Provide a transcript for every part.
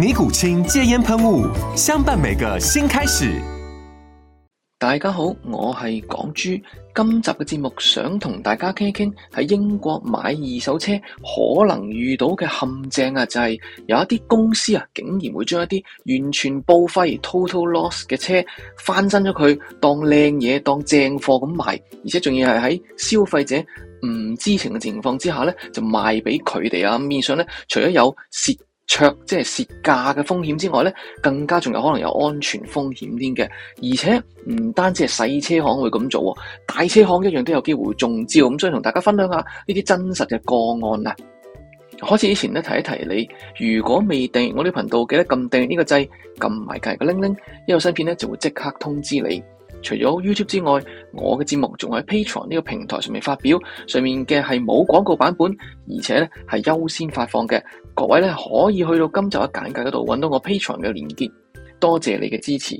尼古清戒煙噴霧，相伴每個新開始。大家好，我係港豬。今集嘅節目想同大家傾一傾喺英國買二手車可能遇到嘅陷阱啊，就係有一啲公司啊，竟然會將一啲完全報廢 （total loss） 嘅車翻新咗佢，當靚嘢、當正貨咁賣，而且仲要係喺消費者唔知情嘅情況之下咧，就賣俾佢哋啊。面上咧，除咗有除即係蝕價嘅風險之外咧，更加仲有可能有安全風險添嘅，而且唔單止係細車行會咁做，大車行一樣都有機會中招。咁所以同大家分享下呢啲真實嘅個案啦。開始之前咧，提一提你，如果未訂我呢頻道，記得撳訂呢個掣，撳埋隔籬個鈴鈴，一個新片咧就會即刻通知你。除咗 YouTube 之外，我嘅節目仲喺 Patreon 呢個平台上面發表，上面嘅係冇廣告版本，而且咧係優先發放嘅。各位咧可以去到今集嘅簡介嗰度揾到我 Patreon 嘅連結，多謝你嘅支持。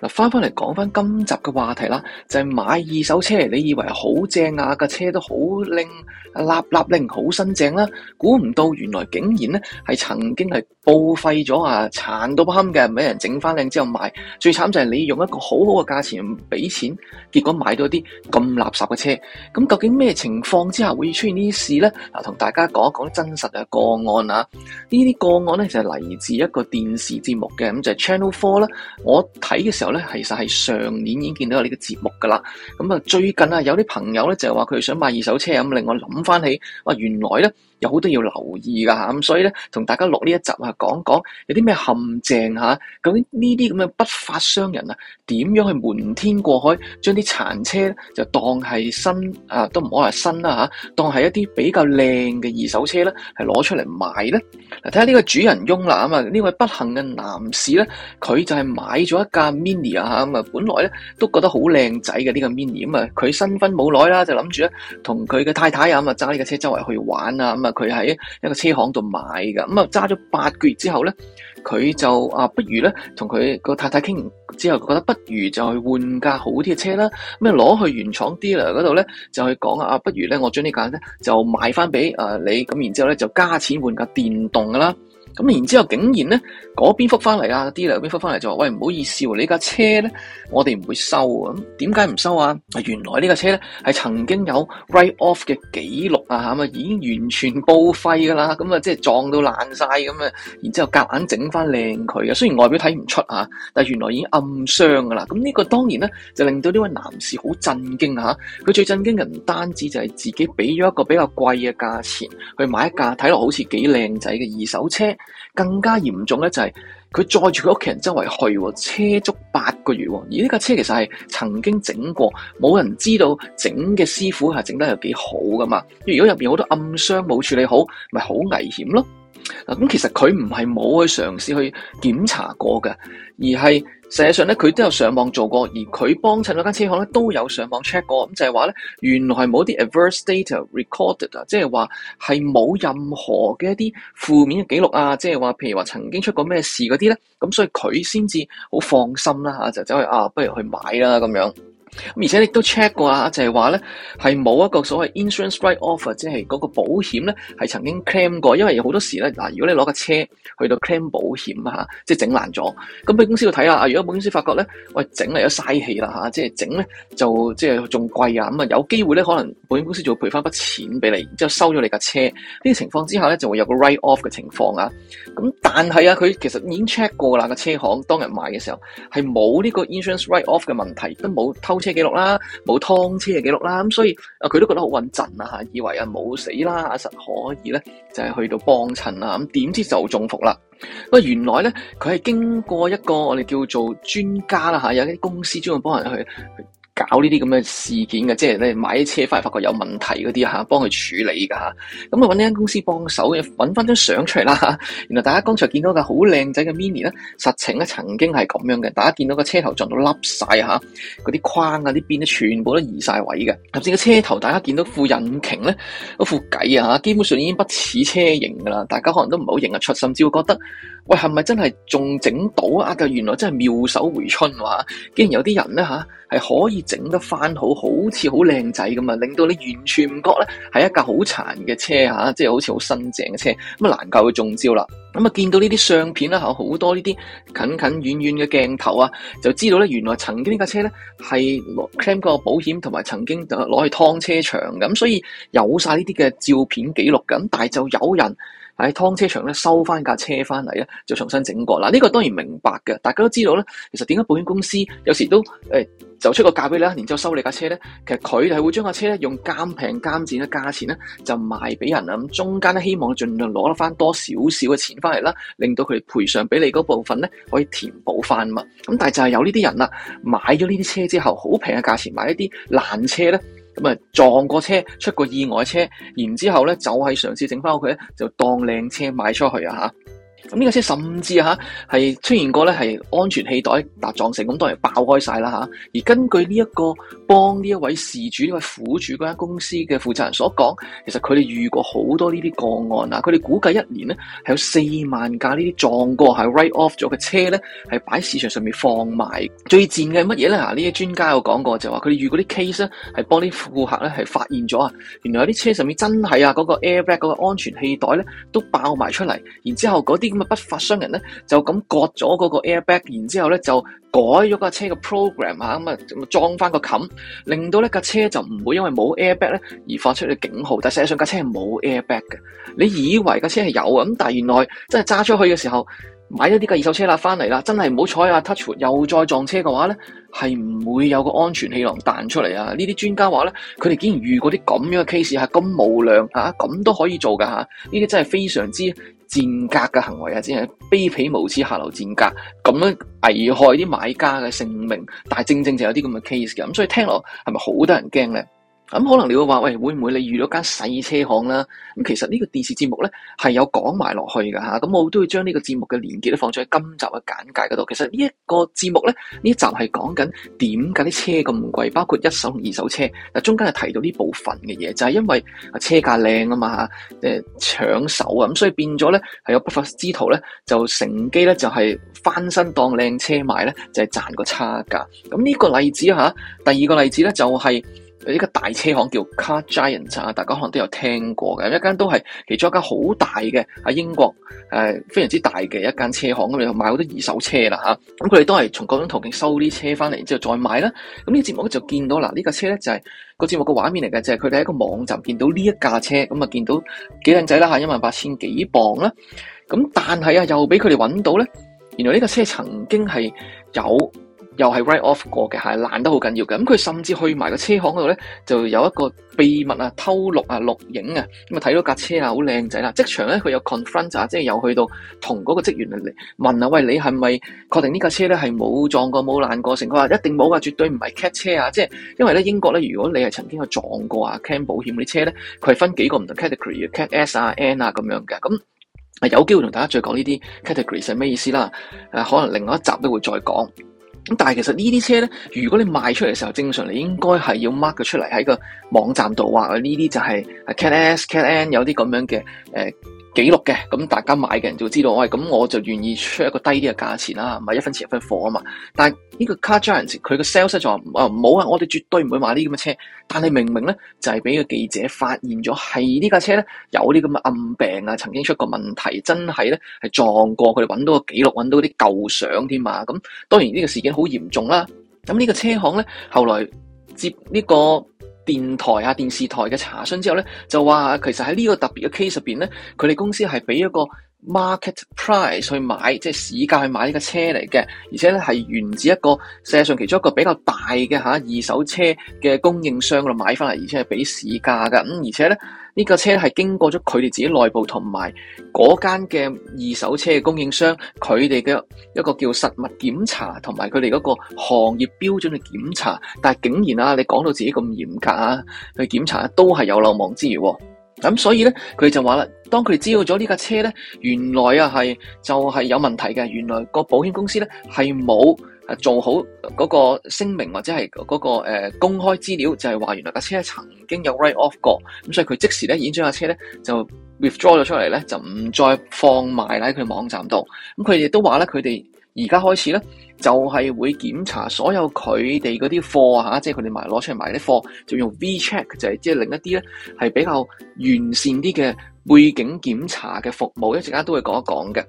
嗱，翻翻嚟講翻今集嘅話題啦，就係、是、買二手車。你以為好正啊，架車都好靚，立立令好新正啦、啊。估唔到原來竟然咧係曾經係報廢咗啊，殘到不堪嘅，俾人整翻靚之後賣。最慘就係你用一個好好嘅價錢俾錢，結果買到啲咁垃圾嘅車。咁究竟咩情況之下會出現呢啲事咧？嗱，同大家講一講真實嘅個案啊。呢啲個案咧就係、是、嚟自一個電視節目嘅，咁就係、是、Channel Four 啦。我睇。呢、這個時候咧，其實係上年已經見到有呢嘅節目噶啦。咁啊，最近啊，有啲朋友咧就係話佢想買二手車，咁令我諗翻起，哇，原來咧有好多要留意噶嚇，咁所以咧同大家落呢一集啊，講講有啲咩陷阱，究竟呢啲咁嘅不法商人啊，點樣去瞞天過海，將啲殘車就當係新啊，都唔可話新啦吓、啊，當係一啲比較靚嘅二手車咧，係攞出嚟賣咧。嗱，睇下呢個主人翁啦，咁啊，呢位不幸嘅男士咧，佢就係買咗一架。Mini 啊嚇咁啊，本來咧都覺得好靚仔嘅呢個 Mini 咁、嗯、啊，佢新婚冇耐啦，就諗住咧同佢嘅太太啊咁啊揸呢架車周圍去玩啊咁啊，佢、嗯、喺一個車行度買嘅咁啊，揸咗八個月之後咧，佢就啊不如咧同佢個太太傾之後，覺得不如就去換架好啲嘅車啦。咁啊攞去原廠 dealer 嗰度咧就去講啊，不如咧我將呢架咧就賣翻俾啊你咁，然之後咧就加錢換架電動嘅啦。咁然之後，竟然咧嗰邊復翻嚟啊！啲兩邊復翻嚟就話：喂，唔好意思喎，你架車咧，我哋唔會收啊！咁點解唔收啊？原來呢架車咧係曾經有 write off 嘅記錄啊嚇嘛，已經完全報廢噶啦！咁啊，即係撞到爛晒咁啊！然之後夾硬整翻靚佢啊。雖然外表睇唔出嚇，但係原來已經暗傷噶啦！咁、這、呢個當然咧就令到呢位男士好震驚嚇。佢最震驚嘅唔單止就係自己俾咗一個比較貴嘅價錢去買一架睇落好似幾靚仔嘅二手車。更加嚴重咧、就是，就係佢載住佢屋企人周圍去，車足八個月，而呢架車其實係曾經整過，冇人知道整嘅師傅係整得有幾好噶嘛，如果入邊好多暗箱冇處理好，咪好危險咯。咁其實佢唔係冇去嘗試去檢查過㗎，而係。實際上咧，佢都有上網做過，而佢幫襯嗰間車行咧都有上網 check 過，咁就係話咧，原來冇啲 adverse data recorded，即係話係冇任何嘅一啲負面嘅記錄啊，即係話譬如話曾經出過咩事嗰啲咧，咁所以佢先至好放心啦、啊、嚇，就走去啊，不如去買啦咁樣。咁而且亦都 check 過啊，就係話咧係冇一個所謂 insurance write off，即係嗰個保險咧係曾經 claim 過，因為有好多時咧嗱，如果你攞架車去到 claim 保險啊，即係整爛咗，咁俾公司度睇下，如果保險公司發覺咧，喂整嚟咗嘥氣啦吓，即係整咧就即係仲貴啊，咁啊有機會咧可能保險公司就會賠翻筆錢俾你，之後收咗你架車，呢啲情況之下咧就會有個 write off 嘅情況啊。咁但係啊，佢其實已經 check 過啦，個車行當日買嘅時候係冇呢個 insurance write off 嘅問題，都冇偷車記錄啦，冇湯車嘅記錄啦，咁所以啊，佢都覺得好穩陣啊，以為啊冇死啦，阿實可以咧就係去到幫襯啦，咁點知就中伏啦。原來咧佢係經過一個我哋叫做專家啦吓，有啲公司專門幫人去。搞呢啲咁嘅事件嘅，即係咧買車翻嚟發覺有問題嗰啲吓，幫佢處理噶吓。咁啊，搵呢間公司幫手，搵翻張相出嚟啦。原來大家剛才見到個好靚仔嘅 Mini 咧，實情咧曾經係咁樣嘅。大家見到個車頭撞到凹晒吓，嗰啲框啊、啲邊咧，全部都移晒位嘅。甚至個車頭，大家見到副引擎咧，嗰副計啊吓，基本上已經不似車型噶啦。大家可能都唔好認得出，甚至會覺得喂，係咪真係仲整到啊？原來真係妙手回春喎，竟然有啲人咧吓。係可以整得翻好，好似好靚仔咁啊！令到你完全唔覺咧，係一架好殘嘅車吓，即係好似好新淨嘅車，咁啊難怪會中招啦！咁啊見到呢啲相片啦，吓好多呢啲近近遠遠嘅鏡頭啊，就知道咧原來曾經呢架車咧係攞 claim 個保險，同埋曾經就攞去劏車場咁，所以有晒呢啲嘅照片記錄咁，但係就有人。喺拖車場咧收翻架車翻嚟咧，就重新整過。嗱，呢個當然明白嘅，大家都知道咧。其實點解保險公司有時都誒，就出個價俾你啦，然之後收你架車咧，其實佢哋係會將架車咧用監平監賤嘅價錢咧就賣俾人啊。咁中間咧希望盡量攞得翻多少少嘅錢翻嚟啦，令到佢賠償俾你嗰部分咧可以填補翻嘛。咁但係就係有呢啲人啦，買咗呢啲車之後，好平嘅價錢買一啲爛車咧。咁啊，撞個車出個意外車，然之後咧就係嘗試整翻佢咧，就當靚車賣出去啊嚇！咁呢架車甚至吓係係出現過咧係安全氣袋搭撞成咁，當然爆開晒啦吓，而根據呢一個幫呢一位事主呢位苦主嗰間公司嘅負責人所講，其實佢哋遇過好多呢啲個案啊，佢哋估計一年咧係有四萬架呢啲撞過係 write off 咗嘅車咧，係擺市場上面放埋最賤嘅係乜嘢咧？吓呢啲專家有講過就話佢哋遇過啲 case 咧係幫啲顧客咧係發現咗啊，原來有啲車上面真係啊嗰個 airbag 嗰個安全氣袋咧都爆埋出嚟，然之後啲。咁啊！不法商人咧就咁割咗嗰個 airbag，然之後咧就改咗架車嘅 program 吓、啊，咁啊裝翻個冚，令到呢架車就唔會因為冇 airbag 咧而發出嘅警號。但實際上架車係冇 airbag 嘅，你以為架車係有啊？咁但係原來真係揸出去嘅時候，買咗呢架二手車啦，翻嚟啦，真係唔好彩啊！touch 又再撞車嘅話咧，係唔會有個安全氣囊彈出嚟啊！專呢啲專家話咧，佢哋竟然遇過啲咁樣嘅 case 係、啊、咁無良，吓、啊，咁都可以做噶吓，呢、啊、啲真係非常之。賤格嘅行為啊，真係卑鄙無恥、下流賤格咁樣危害啲買家嘅性命，但係正正就有啲咁嘅 case 嘅，咁所以聽落係咪好得人驚咧？是咁可能你會話，喂，會唔會你遇到間細車行啦？咁其實呢個電視節目咧係有講埋落去㗎。咁我都會將呢個節目嘅連結咧放咗喺今集嘅簡介嗰度。其實呢一個節目咧，呢集係講緊點解啲車咁貴，包括一手同二手車。嗱，中間係提到呢部分嘅嘢，就係因為車價靚啊嘛，誒搶手啊，咁所以變咗咧係有不法之徒咧就乘機咧就係翻身當靚車賣咧，就係賺個差價。咁呢個例子嚇，第二個例子咧就係。有一間大車行叫 Car Giant 啊，大家可能都有聽過嘅，一間都係其中一間好大嘅，喺英國誒非常之大嘅一間車行咁，佢賣好多二手車啦嚇。咁佢哋都係從各種途徑收啲車翻嚟，然之後再買啦。咁呢個節目咧就見到嗱，呢架車咧就係個節目個畫面嚟嘅，就係佢哋喺一個網站見到呢一架車，咁啊見到幾靚仔啦嚇，一萬八千幾磅啦。咁但係啊，又俾佢哋揾到咧，原來呢架車曾經係有。又係 write off 過嘅，係爛得好緊要嘅。咁佢甚至去埋個車行嗰度咧，就有一個秘密啊，偷錄啊錄影啊咁啊睇到架車啊好靚仔啦。即場咧佢有 confront 即係又去到同嗰個職員嚟問啊，喂，你係咪確定呢架車咧係冇撞過冇爛過？成個話、啊、一定冇啊，絕對唔係 cat 車啊。即係因為咧英國咧，如果你係曾經去撞過啊 claim 保險嗰啲車咧，佢係分幾個唔同 category，cat s 啊 n 啊咁樣嘅。咁啊有機會同大家再講呢啲 categories 係咩意思啦，啊？可能另外一集都會再講。咁但係其實呢啲車咧，如果你賣出嚟嘅時候，正常你應該係要 mark 佢出嚟喺個網站度話，呢啲就係 cat S cat N 有啲咁樣嘅誒記錄嘅咁，大家買嘅人就知道，我係咁，我就願意出一個低啲嘅價錢啦，唔係一分錢一分貨啊嘛。但係呢個 Car Giant 佢個 sales 咧就話：唔好啊，我哋絕對唔會買呢啲咁嘅車。但係明明咧就係、是、俾個記者發現咗，係呢架車咧有啲咁嘅暗病啊，曾經出過問題，真係咧係撞過，佢哋揾到個記錄，揾到啲舊相添嘛。咁當然呢個事件好嚴重啦。咁呢個車行咧後來接呢、這個。電台啊，電視台嘅查詢之後咧，就話其實喺呢個特別嘅 case 入面咧，佢哋公司係俾一個 market price 去買，即係市價去買呢架車嚟嘅，而且咧係源自一個世界上其中一個比較大嘅二手車嘅供應商度買翻嚟，而且係俾市價㗎，咁、嗯、而且咧。呢、這、架、個、車係經過咗佢哋自己內部同埋嗰間嘅二手車嘅供應商，佢哋嘅一個叫實物檢查同埋佢哋嗰個行業標準嘅檢查，但係竟然啊，你講到自己咁嚴格啊去檢查都係有漏網之魚。咁、嗯、所以呢，佢就話啦，當佢知道咗呢架車呢，原來啊係就係、是、有問題嘅，原來個保險公司呢，係冇。做好嗰個聲明或者係嗰個、呃、公開資料，就係話原來架車曾經有 write off 過，咁所以佢即時咧已經將架車咧就 withdraw 咗出嚟咧，就唔再放埋喺佢網站度。咁佢哋都話咧，佢哋而家開始咧就係會檢查所有佢哋嗰啲貨吓，即係佢哋埋攞出嚟賣啲貨，就用 V check，就係即係另一啲咧係比較完善啲嘅背景檢查嘅服務。一陣間都會講一講嘅。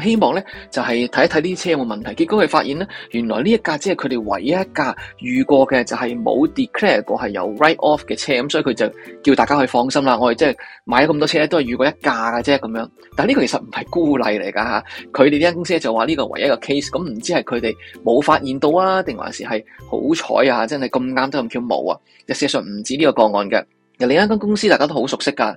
希望咧就係睇一睇啲車有冇問題，結果佢發現咧，原來呢一架只係佢哋唯一一架遇過嘅，就係冇 declare 過係有 write off 嘅車，咁所以佢就叫大家去放心啦。我哋即係買咗咁多車咧，都係遇過一架嘅啫咁樣。但係呢個其實唔係孤例嚟噶吓，佢哋呢間公司就話呢個唯一一個 case，咁唔知係佢哋冇發現到啊，定還是係好彩啊？真係咁啱得咁巧冇啊！事實上唔止呢個個案嘅，另一間公司大家都好熟悉噶。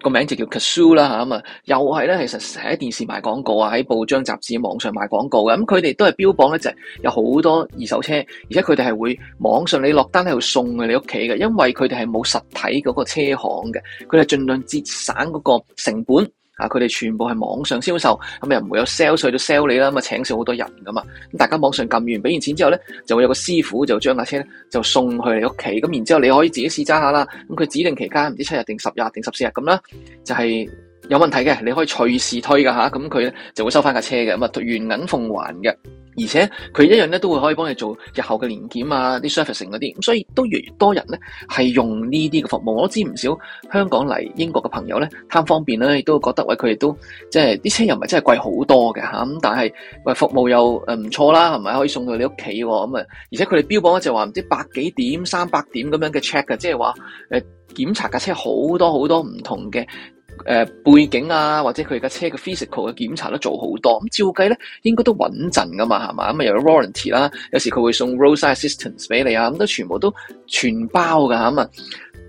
個名就叫 Cazoo 啦吓，又係咧，其實喺電視賣廣告啊，喺報章雜誌、網上賣廣告嘅，咁佢哋都係標榜咧，就係有好多二手車，而且佢哋係會網上你落單喺度送去你屋企嘅，因為佢哋係冇實體嗰個車行嘅，佢哋盡量節省嗰個成本。啊！佢哋全部係網上銷售，咁又唔會有 sales 都 sell 你啦，咁啊，請少好多人噶嘛，咁大家網上撳完，俾完錢之後咧，就會有個師傅就將架車咧就送去你屋企，咁然之後你可以自己試揸下啦，咁佢指定期間唔知七日定十日定十四日咁啦，就係、是。有問題嘅，你可以隨時退噶嚇，咁佢咧就會收翻架車嘅，咁啊原銀奉還嘅，而且佢一樣咧都會可以幫你做日後嘅年檢啊，啲 servicing 嗰啲，咁所以都越越多人咧係用呢啲嘅服務，我知唔少香港嚟英國嘅朋友咧貪方便咧，亦都覺得喂佢哋都即係啲車又唔係真係貴好多嘅嚇，咁但係喂服務又誒唔錯啦，係咪可以送到你屋企喎？咁啊，而且佢哋標榜就話唔知百幾點、三百點咁樣嘅 check 嘅，即係話誒檢查架車好多好多唔同嘅。誒、呃，背景啊，或者佢架車嘅 physical 嘅檢查都做好多，咁照計咧，應該都穩陣噶嘛，係嘛，咁啊，又有 warranty 啦，啊，有時佢會送 roadside assistance 俾你啊，咁都全部都全包噶，咁，嗯，啊，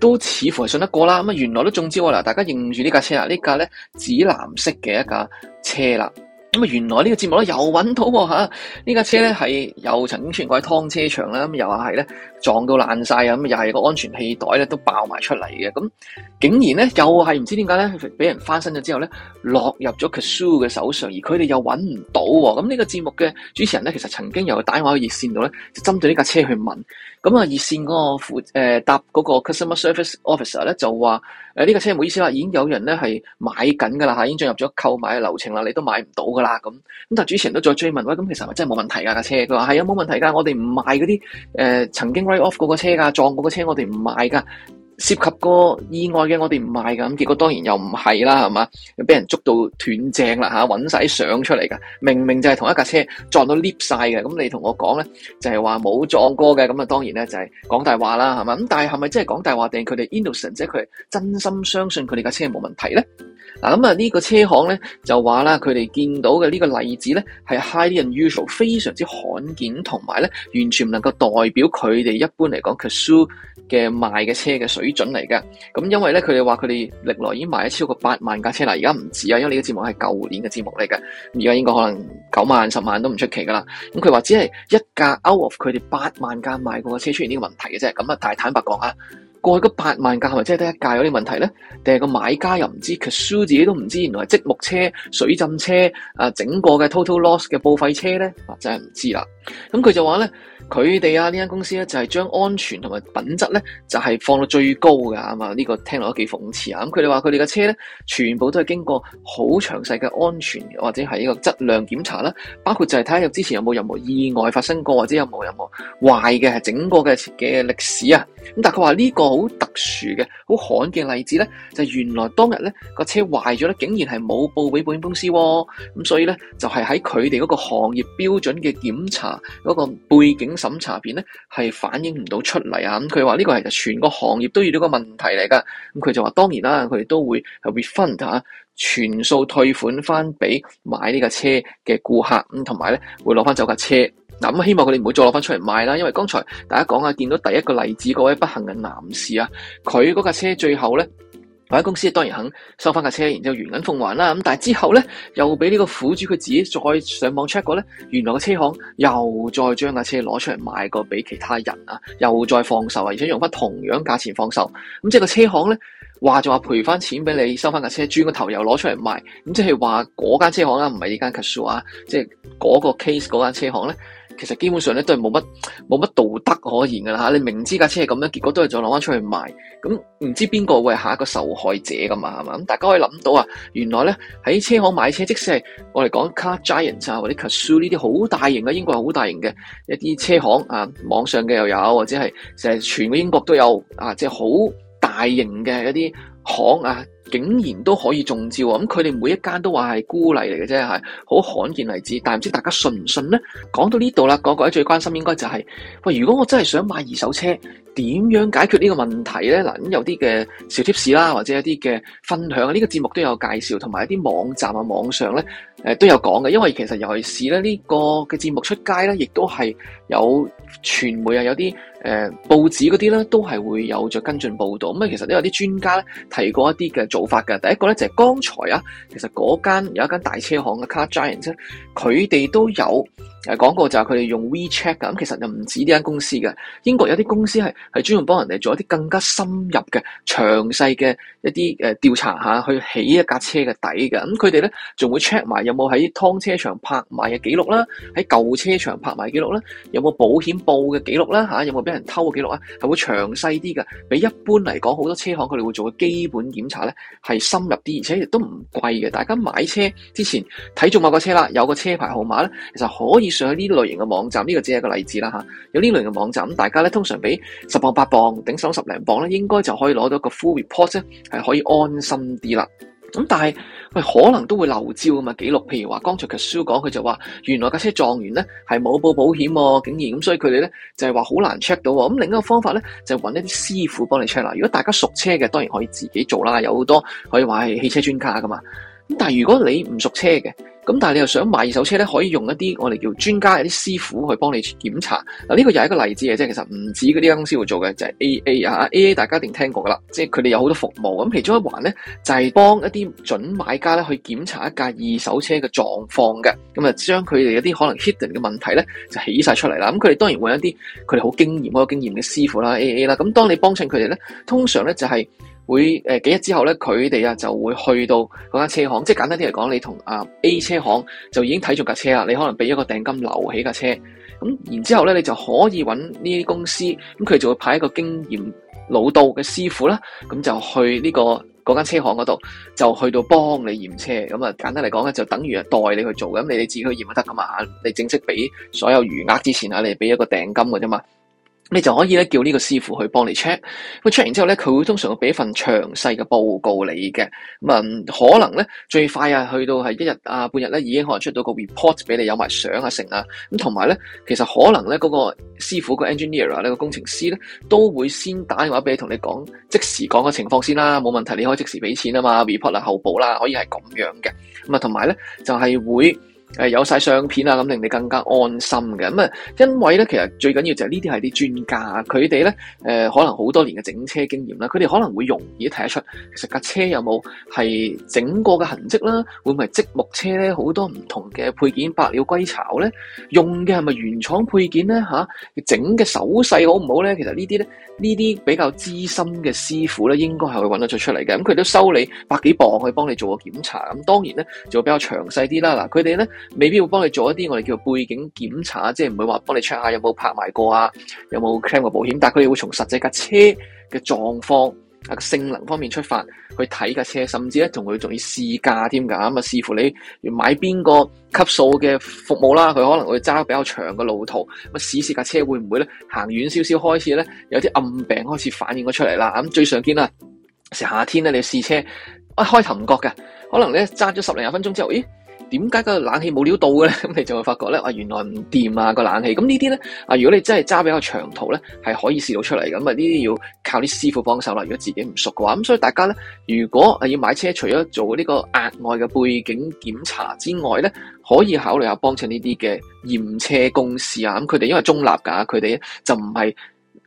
都似乎係信得過啦，咁啊，原來都中招啦，大家認住呢架車啊，架呢架咧紫藍色嘅一架車啦，咁啊，原來呢個節目咧又揾到吓，啊，呢架車咧係又曾經穿過喺劏車場啦，咁又話係咧。撞到爛晒啊！咁又係個安全氣袋咧都爆埋出嚟嘅，咁竟然咧又係唔知點解咧，俾人翻身咗之後咧，落入咗 Cazoo 嘅手上，而佢哋又揾唔到喎、哦。咁呢個節目嘅主持人咧，其實曾經又打電話熱線度咧，就針對呢架車去問。咁啊、那個，熱線嗰個誒搭嗰個 Customer Service Officer 咧就話：誒、呃、呢架車唔好意思啦，已經有人咧係買緊噶啦吓，已經進入咗購買嘅流程啦，你都買唔到噶啦咁。咁但係主持人都再追問：喂，咁其實係咪真係冇問題噶架、啊、車？佢話係啊，冇問題噶，我哋唔賣嗰啲誒曾經。off 嗰個車噶，撞嗰個車我哋唔賣噶，涉及個意外嘅我哋唔賣噶，咁，結果當然又唔係啦，係嘛，俾人捉到斷正啦吓，搵晒相出嚟噶。明明就係同一架車撞到裂晒嘅，咁你同我講咧就係話冇撞過嘅，咁啊當然咧就係講大話啦，係嘛，咁但係係咪真係講大話定佢哋 innocent，即係佢真心相信佢哋架車冇問題咧？嗱咁啊，呢個車行咧就話啦，佢哋見到嘅呢個例子咧係 highly unusual，非常之罕見，同埋咧完全唔能夠代表佢哋一般嚟講 casual 嘅賣嘅車嘅水準嚟嘅。咁因為咧，佢哋話佢哋歷來已經賣咗超過八萬架車啦，而家唔止啊，因為呢個節目係舊年嘅節目嚟嘅，而家應該可能九萬、十萬都唔出奇噶啦。咁佢話只係一架 out of 佢哋八萬架買過嘅車出現呢個問題嘅啫。咁啊，但坦白講啊！過去嗰八萬架咪真係得一架嗰啲問題咧，定係個買家又唔知，佢輸自己都唔知，原來係積木車、水浸車啊，整個嘅 total loss 嘅報廢車咧，真就呢啊真係唔知啦。咁佢就話咧，佢哋啊呢間公司咧就係、是、將安全同埋品質咧就係、是、放到最高㗎啊嘛！呢、這個聽落都幾諷刺啊！咁佢哋話佢哋嘅車咧全部都係經過好詳細嘅安全或者係一個質量檢查啦，包括就係睇下之前有冇任何意外發生過，或者有冇任何壞嘅係整個嘅嘅歷史啊。咁但係佢話呢個好特殊嘅、好罕見嘅例子咧，就係、原來當日咧個車壞咗咧，竟然係冇報俾保險公司喎、啊。咁所以咧就係喺佢哋嗰個行業標準嘅檢查嗰、嗰個背景審查片咧，係反映唔到出嚟啊。咁佢話呢個係全個行業都遇到個問題嚟㗎。咁佢就話當然啦，佢哋都會 refund 吓全數退款翻俾買呢架車嘅顧客，咁同埋咧會攞翻走架車。嗱，咁希望佢哋唔會再攞翻出嚟賣啦，因為剛才大家講啊，見到第一個例子嗰位不幸嘅男士啊，佢嗰架車最後咧，或者公司當然肯收翻架車，然之後原銀奉還啦。咁但係之後咧，又俾呢個苦主佢自己再上網 check 過咧，原來個車行又再將架車攞出嚟賣過俾其他人啊，又再放售啊，而且用翻同樣價錢放售。咁即係個車行咧話就話賠翻錢俾你收翻架車，轉個頭又攞出嚟賣。咁即係話嗰間車行啦，唔係呢間 k u s h u 即係嗰個 case 嗰間車行咧。其實基本上咧都係冇乜冇乜道德可言噶啦嚇，你明知架車係咁樣，結果都係再攞翻出去賣，咁唔知邊個會係下一個受害者噶嘛，係嘛？咁大家可以諗到啊，原來咧喺車行買車，即使係我哋講 Cargiant 啊或者 Cazoo 呢啲好大型嘅英國好大型嘅一啲車行啊，網上嘅又有，或者係成全個英國都有啊，即係好大型嘅一啲行啊，竟然都可以中招，咁佢哋每一間都話係孤例嚟嘅啫，係好罕見例子。但係唔知大家信唔信呢？講到呢度啦，各位最關心應該就係喂，如果我真係想買二手車。點樣解決呢個問題呢？嗱，咁有啲嘅小貼士啦，或者一啲嘅分享呢、呢個節目都有介紹，同埋一啲網站啊，網上呢都有講嘅。因為其實尤其是咧呢個嘅節目出街呢，亦都係有傳媒啊，有啲誒報紙嗰啲呢，都係會有着跟進報導。咁啊，其實都有啲專家呢，提過一啲嘅做法嘅。第一個呢，就係剛才啊，其實嗰間有一間大車行嘅 Car Giant 佢哋都有誒講過，就係佢哋用 WeChat 㗎。咁其實又唔止呢間公司嘅，英國有啲公司係。係專門幫人哋做一啲更加深入嘅、詳細嘅一啲誒、呃、調查下去起一架車嘅底嘅，咁佢哋咧仲會 check 埋有冇喺劏車場拍賣嘅記錄啦，喺舊車場拍賣記錄啦，有冇保險報嘅記錄啦，嚇、啊、有冇俾人偷嘅記錄啊，係會詳細啲嘅。比一般嚟講，好多車行佢哋會做嘅基本檢查咧係深入啲，而且亦都唔貴嘅。大家買車之前睇中某個車啦，有個車牌號碼咧，其實可以上去呢類型嘅網站，呢、呢個只係一個例子啦嚇、啊。有呢類型嘅網站，咁大家咧通常俾，十磅八磅，頂手十零磅咧，應該就可以攞到個 full report 咧，係可以安心啲啦。咁但係，喂，可能都會漏招㗎嘛，記錄。譬如話剛才 Karl 講，佢就話原來架車撞完咧係冇報保險，竟然咁，所以佢哋咧就係話好難 check 到。咁另一個方法咧就係揾一啲師傅幫你 check 啦。如果大家熟車嘅，當然可以自己做啦。有好多可以話係汽車專家噶嘛。咁但係如果你唔熟車嘅，咁但係你又想買二手車咧，可以用一啲我哋叫專家、有啲師傅去幫你檢查。嗱，呢個又係一個例子嘅，即係其實唔止嗰啲間公司會做嘅，就係、是、A A 啊。A A，大家一定聽過㗎啦。即係佢哋有好多服務。咁其中一環咧，就係、是、幫一啲準買家咧去檢查一架二手車嘅狀況嘅。咁啊，將佢哋有啲可能 hidden 嘅問題咧，就起晒出嚟啦。咁佢哋當然會有啲佢哋好經驗、嗰個經驗嘅師傅啦，A A 啦。咁當你幫襯佢哋咧，通常咧就係會誒幾日之後咧，佢哋啊就會去到嗰間車行，即係簡單啲嚟講，你同啊 A 車行就已經睇住架車啦，你可能俾一個訂金留起架車，咁然之後咧，你就可以揾呢啲公司，咁佢就會派一個經驗老道嘅師傅啦，咁就去呢、這個嗰間車行嗰度，就去到幫你驗車，咁啊簡單嚟講咧，就等於係代你去做，咁你你自己去驗就得噶嘛。你正式俾所有餘額之前啊，你俾一個訂金㗎啫嘛。你就可以咧叫呢個師傅去幫你 check，佢 check 完之後咧，佢會通常會俾一份詳細嘅報告你嘅。咁啊，可能咧最快啊，去到係一日啊半日咧，已經可能出到個 report 俾你，有埋相啊成啊。咁同埋咧，其實可能咧，嗰個師傅、個 engineer 呢個工程師咧，都會先打電話俾你，同你講即時講個情況先啦。冇問題，你可以即時俾錢啊嘛。report 啊後補啦，可以係咁樣嘅。咁啊，同埋咧就係、是、會。誒有晒相片啊，咁令你更加安心嘅。咁啊，因為咧，其實最緊要就係呢啲係啲專家，佢哋咧誒可能好多年嘅整車經驗啦，佢哋可能會容易睇得出其實架車有冇係整過嘅痕跡啦，會唔會係積木車咧？好多唔同嘅配件百鳥歸巢咧，用嘅係咪原廠配件咧？嚇，整嘅手勢好唔好咧？其實呢啲咧，呢啲比較資深嘅師傅咧，應該係會揾得出出嚟嘅。咁佢都收你百幾磅去幫你做個檢查。咁當然咧，就會比較詳細啲啦。嗱，佢哋咧。未必會幫你做一啲我哋叫背景檢查，即係唔會話幫你 check 下有冇拍賣過啊，有冇 claim 過有有保險。但係佢哋會從實際架車嘅狀況啊、性能方面出發去睇架車，甚至咧同佢仲要試駕添噶。咁、嗯、啊，視乎你要買邊個級數嘅服務啦，佢可能會揸比較長嘅路途，咁試試架車會唔會咧行遠少少開始咧有啲暗病開始反映咗出嚟啦。咁、嗯、最常見啦成夏天咧你試車，一開頭唔覺嘅，可能咧揸咗十零廿分鐘之後，咦？點解個冷氣冇料到嘅咧？咁 你就會發覺咧，哇，原來唔掂啊，個冷氣。咁呢啲咧啊，如果你真係揸比較長途咧，係可以試到出嚟。咁啊，呢啲要靠啲師傅幫手啦。如果自己唔熟嘅話，咁所以大家咧，如果啊要買車，除咗做呢個額外嘅背景檢查之外咧，可以考慮下幫襯呢啲嘅驗車公司啊。咁佢哋因為中立噶，佢哋就唔係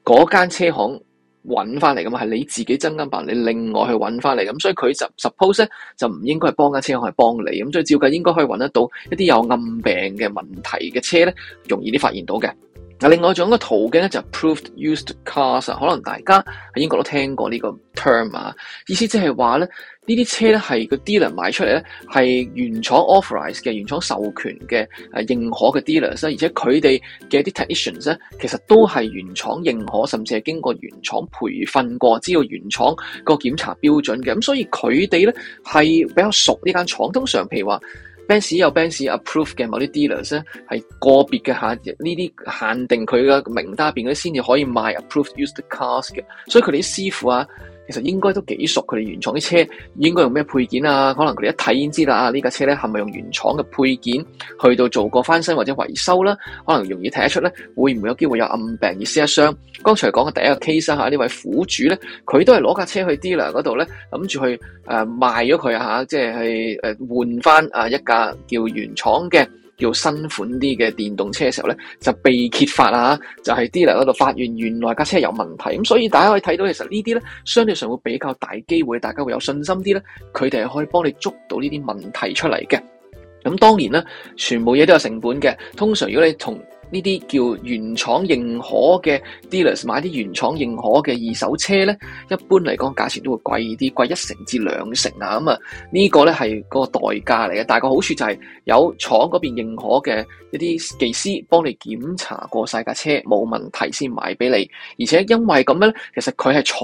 嗰間車行。揾翻嚟咁嘛，係你自己真金白，你另外去揾翻嚟咁，所以佢就 suppose 咧就唔應該係幫緊車行，我係幫你，咁，所以照計應該可以揾得到一啲有暗病嘅問題嘅車咧，容易啲發現到嘅。嗱，另外仲有一個途徑咧就係 proved used cars 啊，可能大家喺英國都聽過呢個 term 啊，意思即係話咧。這呢啲車咧係個 dealer 賣出嚟咧係原廠 authorised 嘅原廠授權嘅誒認可嘅 dealers 而且佢哋嘅啲 technicians 咧其實都係原廠認可，甚至係經過原廠培訓過，知道原廠個檢查標準嘅，咁所以佢哋咧係比較熟呢間廠。通常譬如話 Benz 有 Benz approve 嘅某啲 dealers 咧係個別嘅嚇，呢啲限定佢嘅名單入邊嗰啲先至可以賣 approved used cars 嘅，所以佢哋啲師傅啊。其實應該都幾熟，佢哋原廠啲車應該用咩配件啊？可能佢哋一睇已知啦。啊，呢架車咧係咪用原廠嘅配件去到做過翻新或者維修啦？可能容易睇得出咧，會唔會有機會有暗病而撕一箱？剛才講嘅第一個 case 啊，位呢位苦主咧，佢都係攞架車去 dealer 嗰度咧，諗住去誒賣咗佢啊，即係誒換翻啊一架叫原廠嘅。叫新款啲嘅電動車嘅時候咧，就被揭發啦吓、啊，就係啲嚟喺度發現原來架車有問題，咁所以大家可以睇到，其實呢啲咧相對上會比較大機會，大家會有信心啲咧，佢哋係可以幫你捉到呢啲問題出嚟嘅。咁當然啦，全部嘢都有成本嘅，通常如果你同呢啲叫原廠認可嘅 dealers 買啲原廠認可嘅二手車咧，一般嚟講價錢都會貴啲，貴一成至兩成啊！咁啊，呢、這個咧係個代價嚟嘅，但個好處就係有廠嗰邊認可嘅一啲技師幫你檢查過晒架車冇問題先買俾你，而且因為咁樣咧，其實佢係廠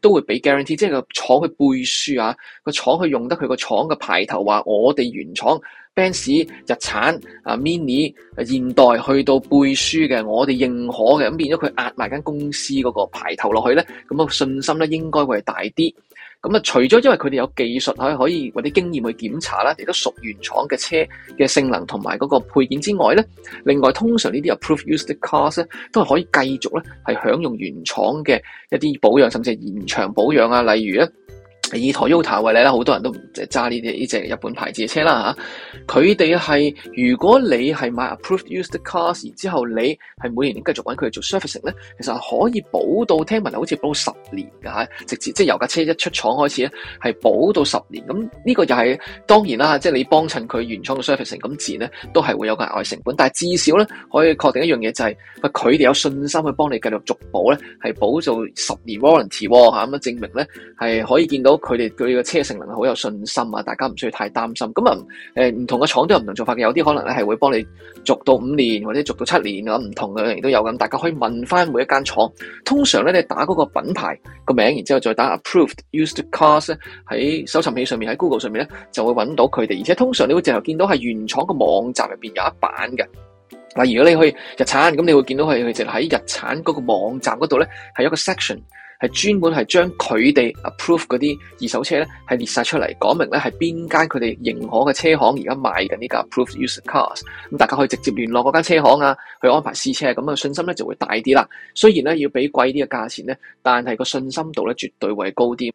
都會俾 guarantee，即係個廠去背書啊，個廠去用得佢個廠嘅牌頭話，我哋原廠。fans、日產、啊 Mini、現代去到背書嘅，我哋認可嘅，咁變咗佢壓埋間公司嗰個牌頭落去咧，咁個信心咧應該會大啲。咁啊，除咗因為佢哋有技術可以，可以或者經驗去檢查啦，亦都熟原廠嘅車嘅性能同埋嗰個配件之外咧，另外通常呢啲 approved used cars 咧都係可以繼續咧係享用原廠嘅一啲保養，甚至係延長保養啊，例如咧。以 Toyota 為例啦，好多人都唔係揸呢啲呢隻日本牌子嘅車啦嚇，佢哋係如果你係買 approved used cars，然之後你係每年繼續揾佢哋做 servicing 咧，其實可以保到聽聞好似保十年㗎、啊、直接即係由架車一出廠開始咧係保到十年。咁呢個又係當然啦，即係你幫襯佢原廠嘅 servicing，咁自然咧都係會有個額外成本。但係至少咧可以確定一樣嘢就係佢哋有信心去幫你繼續續保咧，係保做十年 warranty 嚇、啊、咁樣證明咧係可以見到。佢哋對個車的性能好有信心啊！大家唔需要太擔心。咁啊，誒、呃、唔同嘅廠都有唔同做法嘅，有啲可能咧係會幫你續到五年或者續到七年啊，唔同嘅亦都有咁。大家可以問翻每一間廠。通常咧，你打嗰個品牌個名字，然之後再打 approved used cars 咧，喺搜尋器上面喺 Google 上面咧，就會揾到佢哋。而且通常你會直頭見到係原廠嘅網站入邊有一版嘅。嗱，如果你去日產咁，你會見到佢，佢直喺日產嗰個網站嗰度咧係一個 section。係專門係將佢哋 approve 嗰啲二手車咧，係列晒出嚟，講明咧係邊間佢哋認可嘅車行而家賣緊呢架 approved used cars。咁大家可以直接聯絡嗰間車行啊，去安排試車，咁嘅信心咧就會大啲啦。雖然咧要俾貴啲嘅價錢咧，但係個信心度咧絕對會高啲。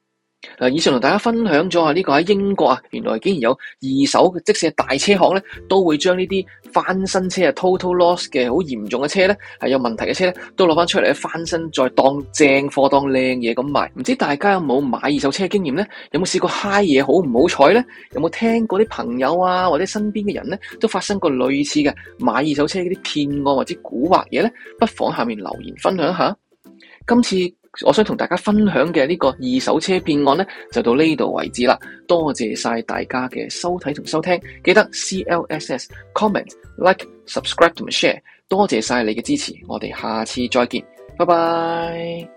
嗱，以上同大家分享咗啊，呢、這個喺英國啊，原來竟然有二手，即使係大車行咧，都會將呢啲翻新車啊、Total loss 嘅好嚴重嘅車咧，係有問題嘅車咧，都攞翻出嚟翻新，再當正貨、當靚嘢咁賣。唔知大家有冇買二手車經驗咧？有冇試過嗨嘢好唔好彩咧？有冇聽過啲朋友啊，或者身邊嘅人咧，都發生過類似嘅買二手車嗰啲騙案或者蠱惑嘢咧？不妨下面留言分享下。今次，我想同大家分享嘅呢個二手車騙案呢，就到呢度為止啦。多謝晒大家嘅收睇同收聽，記得 CLSS，Comment，Like，Subscribe 同 Share。多謝晒你嘅支持，我哋下次再見，拜拜。